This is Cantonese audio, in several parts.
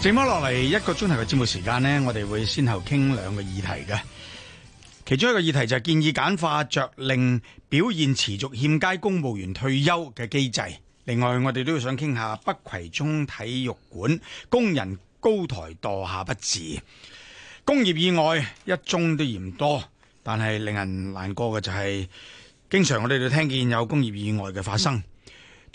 剩翻落嚟一個鐘頭嘅節目時間呢，我哋會先後傾兩個議題嘅。其中一個議題就係建議簡化着令表現持續欠佳公務員退休嘅機制。另外，我哋都要想傾下北葵涌體育館工人高台墮下不治工業意外一宗都嫌多，但係令人難過嘅就係，經常我哋都聽見有工業意外嘅發生。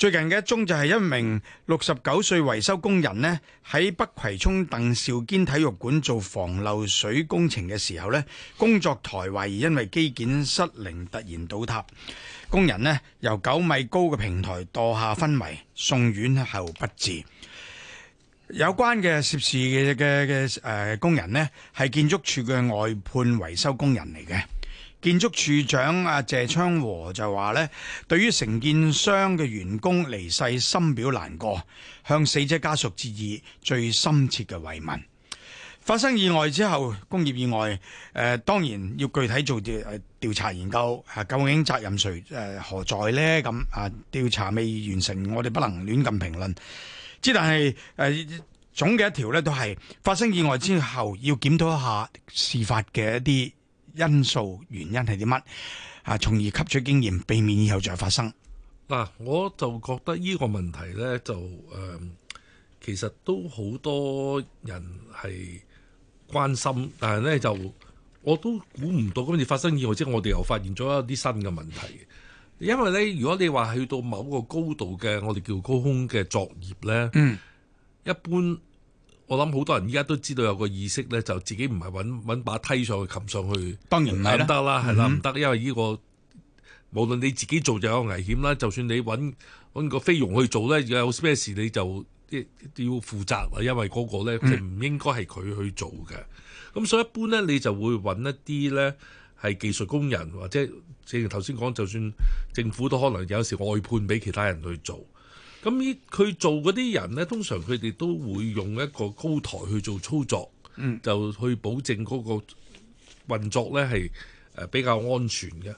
最近嘅一宗就係一名六十九歲維修工人呢，喺北葵涌鄧肇堅體育館做防漏水工程嘅時候呢，工作台懷疑因為機件失靈，突然倒塌，工人呢，由九米高嘅平台墮下昏迷，送院後不治。有關嘅涉事嘅嘅誒工人呢，係建築處嘅外判維修工人嚟嘅。建築署長阿謝昌和就話呢，對於承建商嘅員工離世，深表難過，向死者家屬致以最深切嘅慰問。發生意外之後，工業意外，誒，當然要具體做調查研究，究竟責任誰誒何在呢？咁啊，調查未完成，我哋不能亂咁評論。之但係誒，總嘅一條呢都係發生意外之後，要檢討一下事發嘅一啲。因素原因係啲乜啊？從而吸取經驗，避免以後再發生。嗱、啊，我就覺得呢個問題呢，就誒、嗯，其實都好多人係關心，但係呢，就我都估唔到今次發生意外之後，即係、我哋又發現咗一啲新嘅問題。因為呢，如果你話去到某個高度嘅，我哋叫高空嘅作業呢，嗯、一般。我諗好多人依家都知道有個意識咧，就自己唔係揾揾把梯上去擒上去，當然唔得啦，係啦，唔得、mm hmm.，因為呢、呢個無論你自己做就有危險啦。就算你揾揾個菲傭去做咧，有咩事你就要負責，因為嗰個咧即唔應該係佢去做嘅。咁、mm hmm. 所以一般咧，你就會揾一啲咧係技術工人或者正如頭先講，就算政府都可能有時外判俾其他人去做。咁呢，佢做嗰啲人呢，通常佢哋都會用一個高台去做操作，就去保證嗰個運作呢係比較安全嘅。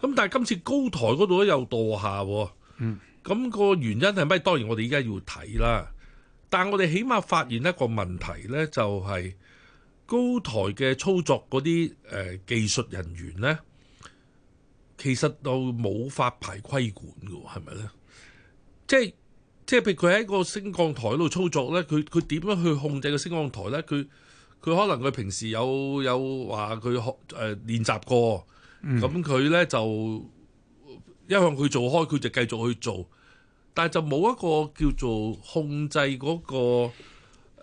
咁但係今次高台嗰度都有墮下，哦，咁、咁個原因係咩？當然我哋依家要睇啦。但我哋起碼發現一個問題呢，就係、係、高台嘅操作嗰啲、呃、技術人員呢，其實都冇發牌規管嘅喎，係咪呢？即係。即係譬如佢喺一個升降台度操作咧，佢佢點樣去控制個升降台咧？佢佢可能佢平時有有話佢學誒練習過，咁佢咧就一向佢做開，佢就繼續去做，但係就冇一個叫做控制嗰、那個。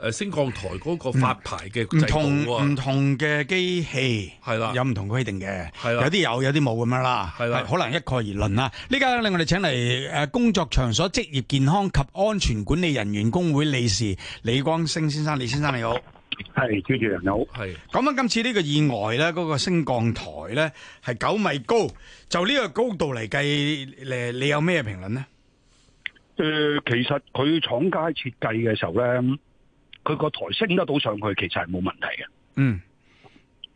誒，升降台嗰個發牌嘅，唔同唔同嘅機器係啦，有唔同規定嘅，係啦，有啲有，有啲冇咁樣啦，係啦，可能一概而論啦。呢家咧，我哋請嚟誒工作場所職業健康及安全管理人員工會理事李光昇先生，李先生你好，係朱主任，你好，係。講翻今次呢個意外咧，嗰個升降台咧係九米高，就呢個高度嚟計，誒，你有咩評論咧？誒，其實佢廠家設計嘅時候咧。佢個台升得到上去，其實係冇問題嘅。嗯。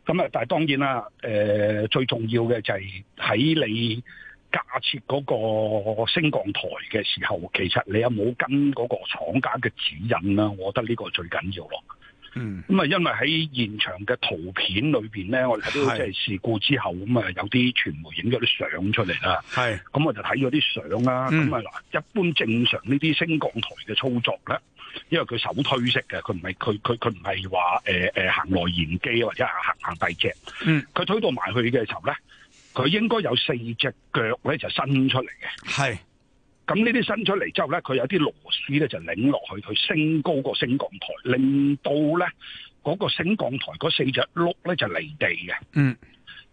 咁啊，但係當然啦，誒、呃、最重要嘅就係喺你架設嗰個升降台嘅時候，其實你有冇跟嗰個廠家嘅指引啦？我覺得呢個最緊要咯。嗯。咁啊，因為喺現場嘅圖片裏面咧，我哋睇到即係事故之後咁啊，有啲傳媒影咗啲相出嚟啦。咁我就睇咗啲相啦。咁啊嗱，一般正常呢啲升降台嘅操作咧。因為佢手推式嘅，佢唔係，佢佢佢唔係話誒誒行內燃機或者行行第隻。嗯，佢推到埋去嘅時候咧，佢應該有四隻腳咧就伸出嚟嘅，係。咁呢啲伸出嚟之後咧，佢有啲螺絲咧就擰落去，佢升高個升降台，令到咧嗰、那個升降台嗰四隻碌咧就離地嘅。嗯，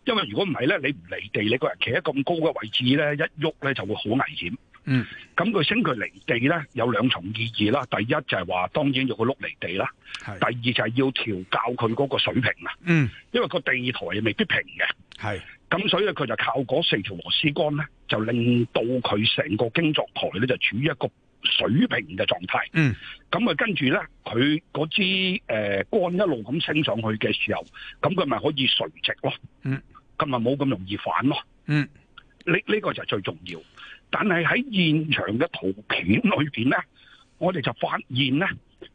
因為如果唔係咧，你唔離地，你個人企喺咁高嘅位置咧，一喐咧就會好危險。嗯，咁佢升佢離地咧有兩重意義啦。第一就係話當然要個轆離地啦，係。第二就係要調校佢嗰個水平啦。嗯，因為個地台未必平嘅，係。咁所以佢就靠嗰四條螺絲桿咧，就令到佢成個經作台咧就處於一個水平嘅狀態。嗯，咁啊跟住咧，佢嗰支誒桿一路咁升上去嘅時候，咁佢咪可以垂直咯。嗯，咁咪冇咁容易反咯。嗯，呢、呢、呢個就係最重要。但係喺現場嘅圖片裏面咧，我哋就發現咧，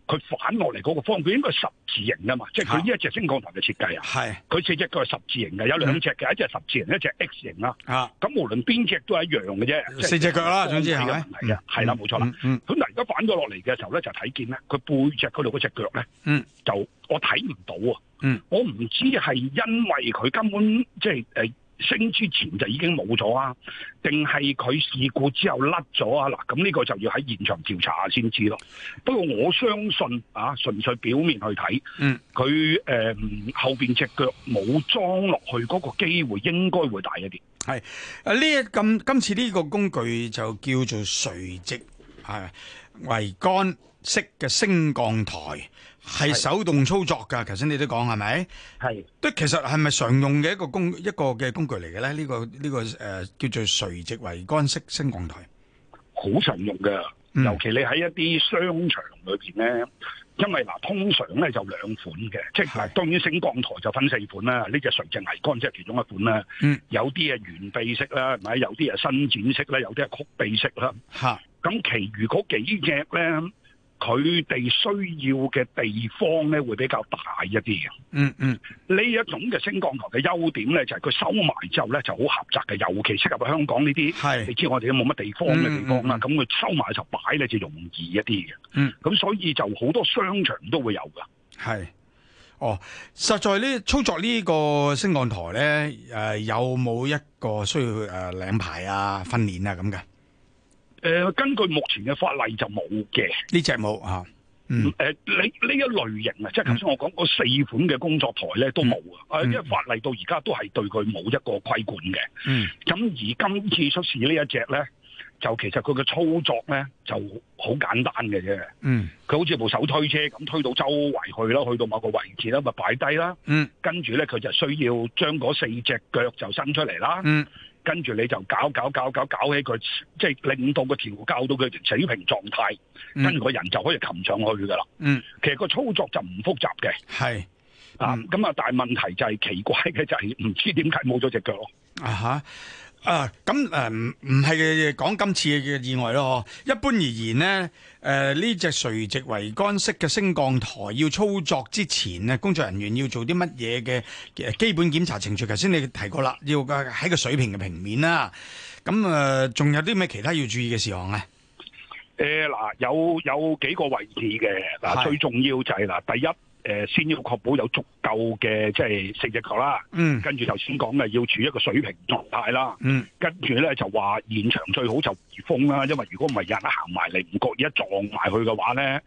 佢反落嚟嗰個方向，佢應該十字形㗎嘛，即係佢呢一隻升降台嘅設計啊，係佢四隻腳係十字形嘅，有兩隻嘅、嗯，一隻十字形，一隻 X 型啦、啊。啊，咁無論邊隻都係一樣嘅啫，四隻腳啦，總之係冇嘅，係啦，冇、嗯、錯啦。嗯，咁、嗯、嗱，而家反咗落嚟嘅時候咧，就睇見咧，佢背脊嗰度嗰隻腳咧，嗯，就我睇唔到啊，嗯，我唔知係因為佢根本即係、就係呃升之前就已經冇咗啊？定係佢事故之後甩咗啊？嗱，咁呢個就要喺現場調查下先知咯。不過我相信啊，純粹表面去睇，嗯，佢、呃、誒後面隻腳冇裝落去嗰、嗰個機會應該會大一啲。係啊，呢一今今次呢個工具就叫做垂直係桅杆式嘅升降台。係手動操作噶，頭先你都講係咪？係都其實係咪常用嘅一個工一個嘅工具嚟嘅咧？呢、這個呢、這個誒、呃、叫做垂直桅杆式升降台，好常用噶、嗯。尤其你喺一啲商場裏邊咧，因為嗱、啊、通常咧就兩款嘅，即係當然升降台就分四款啦。呢、這、隻、個、垂直桅杆即係其中一款啦。嗯，有啲係懸臂式啦，係咪？有啲係伸展式咧，有啲係曲臂式啦。吓，咁其餘嗰幾隻咧？佢哋需要嘅地方咧，會比較大一啲嘅。嗯嗯，呢一種嘅升降台嘅優點咧，就係佢收埋之後咧就好狹窄嘅，尤其適合香港呢啲。係你知我哋都冇乜地方嘅地方啦。咁佢收埋就擺咧就容易一啲嘅。嗯，咁所以就好多商場都會有噶。係，哦，實在呢操作呢個升降台咧，誒、呃、有冇一個需要誒、呃、領牌啊、訓練啊咁嘅？誒、呃，根據目前嘅法例就冇嘅，呢隻冇吓。嗯，誒、呃，你呢一類型啊，即係頭先我講嗰四款嘅工作台咧都冇啊、嗯，因為法例到而家都係對佢冇一個規管嘅，嗯，咁而今次出事呢一隻咧，就其實佢嘅操作咧就好簡單嘅啫，嗯，佢好似部手推車咁推到周圍去啦，去到某個位置啦，咪擺低啦，嗯，跟住咧佢就需要將嗰四隻腳就伸出嚟啦，嗯。跟住你就搞搞搞搞搞起佢，即係令到個調校到佢水平狀態，嗯，跟住個人就可以擒上去㗎喇。嗯，其實個操作就唔複雜嘅。係啊，咁、嗯、啊，但係問題就係、是、奇怪嘅就係、是、唔知點解冇咗隻腳咯。啊哈啊，咁誒唔唔係講今次嘅意外咯，一般而言咧，誒，呢隻垂直桅杆式嘅升降台要操作之前咧，工作人員要做啲乜嘢嘅基本檢查程序？頭先你提過啦，要個喺個水平嘅平面啦。咁誒，仲有啲咩其他要注意嘅事項咧？誒，嗱，有有幾個位置嘅。嗱，最重要就係嗱，第一。誒，先要確保有足夠嘅即係四隻腳啦。嗯，跟住頭先講嘅要處一個水平狀態啦。嗯，跟住咧就話現場最好就圍封啦，因為如果唔係有人行埋嚟，唔覺意一撞埋去嘅話咧，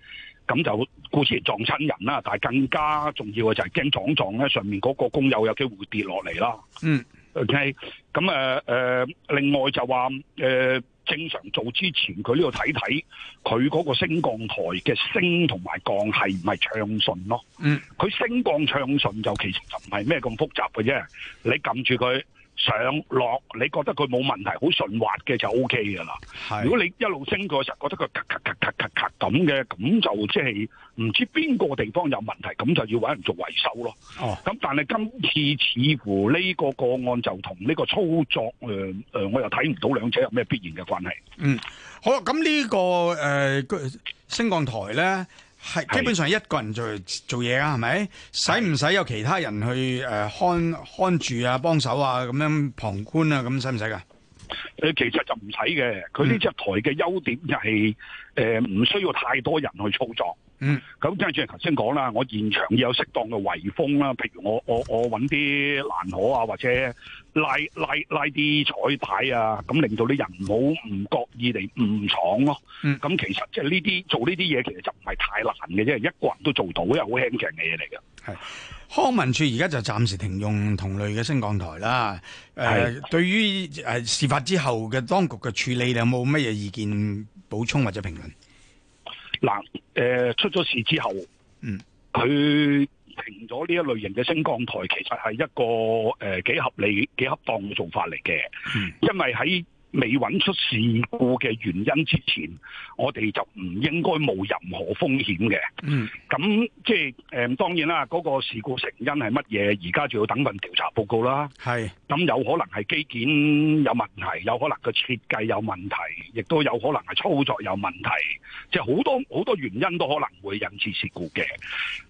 咁就梗係撞親人啦。但係更加重要嘅就係驚撞撞咧，上面嗰個工友有，有機會跌落嚟啦。嗯，O K，咁誒另外就話誒。呃正常做之前，佢呢度睇睇佢嗰個升降台嘅升同埋降係唔係暢順咯。嗯，佢升降暢順就其實就唔係咩咁複雜嘅啫。你撳住佢。上落你覺得佢冇問題，好順滑嘅就 O K 噶啦。如果你一路升過嘅時候覺得佢咔咔咔咔咔咁嘅，咁就即係唔知邊個地方有問題，咁就要揾人做維修咯。哦，咁但係今次似乎呢、這個個案就同呢個操作誒誒、呃，我又睇唔到兩者有咩必然嘅關係。嗯，好啦，咁呢、這個誒、呃、升降台呢。係基本上一個人做做嘢啊，係咪？使唔使有其他人去誒看看住啊、幫手啊咁樣旁觀啊？咁使唔使噶？誒，其實就唔使嘅。佢呢隻台嘅優點就係誒，唔、呃、需要太多人去操作。咁即係正如頭先講啦，我現場要有適當嘅圍封啦，譬如我我我揾啲欄河啊，或者拉拉拉啲彩帶啊，咁令到啲人唔好唔覺意地誤闖咯。咁、嗯、其實即係呢啲做呢啲嘢，其實就唔係太難嘅啫，一個人都做到，因又好輕鬆嘅嘢嚟嘅。係康文署而家就暫時停用同類嘅升降台啦。誒、呃，對於誒事發之後嘅當局嘅處理你有冇乜嘢意見補充或者評論？嗱，誒出咗事之後，嗯，佢停咗呢一類型嘅升降台，其實係一個誒幾合理、幾恰當嘅做法嚟嘅，嗯，因為喺未揾出事故嘅原因之前，我哋就唔應該冒任何風險嘅。嗯，咁即係、呃、當然啦，嗰個事故成因係乜嘢？而家仲要等份調查報告啦。係，咁有可能係基建有問題，有可能個設計有問題，亦都有可能係操作有問題，即係好多好多原因都可能會引致事故嘅。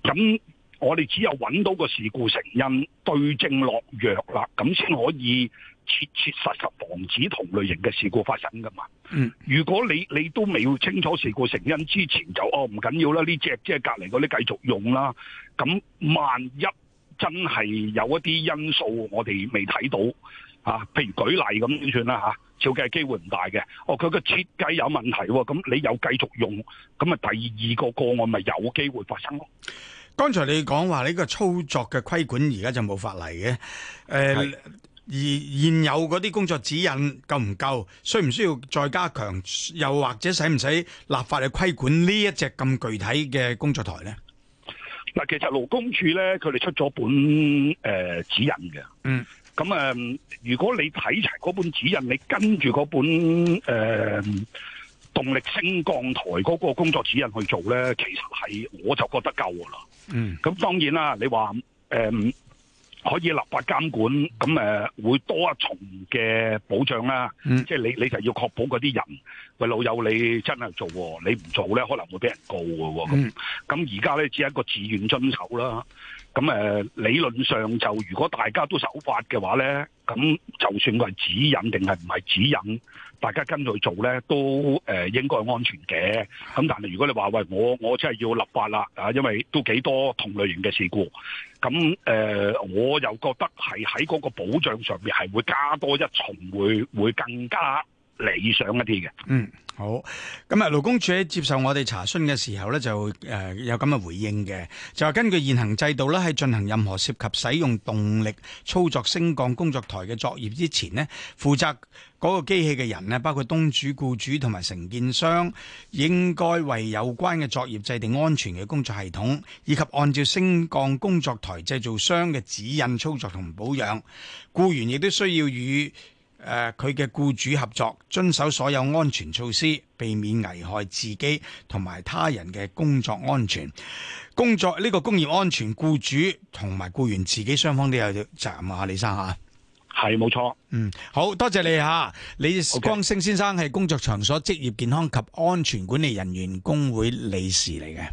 咁我哋只有揾到個事故成因，對症落藥啦，咁先可以。切切實實防止同類型嘅事故發生㗎嘛？嗯，如果你你都未清楚事故成因之前就，哦，唔緊要啦，呢隻即係隔籬嗰啲繼續用啦。咁萬一真係有一啲因素我哋未睇到啊，譬如舉例咁算啦吓、啊，照計機會唔大嘅。哦，佢個設計有問題、啊，咁你有繼續用，咁啊第二個個案咪有機會發生咯？剛才你講話呢個操作嘅規管而家就冇法例嘅，誒、呃。而現有嗰啲工作指引夠唔夠？需唔需要再加強？又或者使唔使立法去規管呢一隻咁具體嘅工作台呢？嗱，其實勞工處呢，佢哋出咗本誒、呃、指引嘅。嗯。咁、呃、如果你睇齊嗰本指引，你跟住嗰本誒、呃、動力升降台嗰個工作指引去做呢，其實係我就覺得夠噶啦。嗯。咁當然啦，你話誒。呃可以立法監管，咁誒、啊、會多一重嘅保障啦、啊嗯。即係你你就要確保嗰啲人，喂老友你真係做喎，你唔做咧可能會俾人告嘅喎。咁咁而家咧只係一個自願遵守啦。咁、啊、誒、啊、理論上就如果大家都守法嘅話咧。咁就算佢係指引定係唔係指引，大家跟佢做呢都誒、呃、應該安全嘅。咁但係如果你話喂我我真係要立法啦啊，因為都幾多同類型嘅事故。咁誒、呃、我又覺得係喺嗰個保障上面係會加多一重，會會更加。理想一啲嘅，嗯好，咁啊勞工處喺接受我哋查詢嘅時候呢，就誒有咁嘅回應嘅，就話根據現行制度咧，喺進行任何涉及使用動力操作升降工作台嘅作業之前呢，負責嗰個機器嘅人呢，包括東主、僱主同埋承建商，應該為有關嘅作業制定安全嘅工作系統，以及按照升降工作台製造商嘅指引操作同保養，僱員亦都需要與。誒，佢嘅僱主合作，遵守所有安全措施，避免危害自己同埋他人嘅工作安全。工作呢個工業安全，僱主同埋僱員自己雙方都有責任啊，李生吓，係冇錯，嗯，好多謝你吓，李光昇先生係工作場所職業健康及安全管理人員工會理事嚟嘅。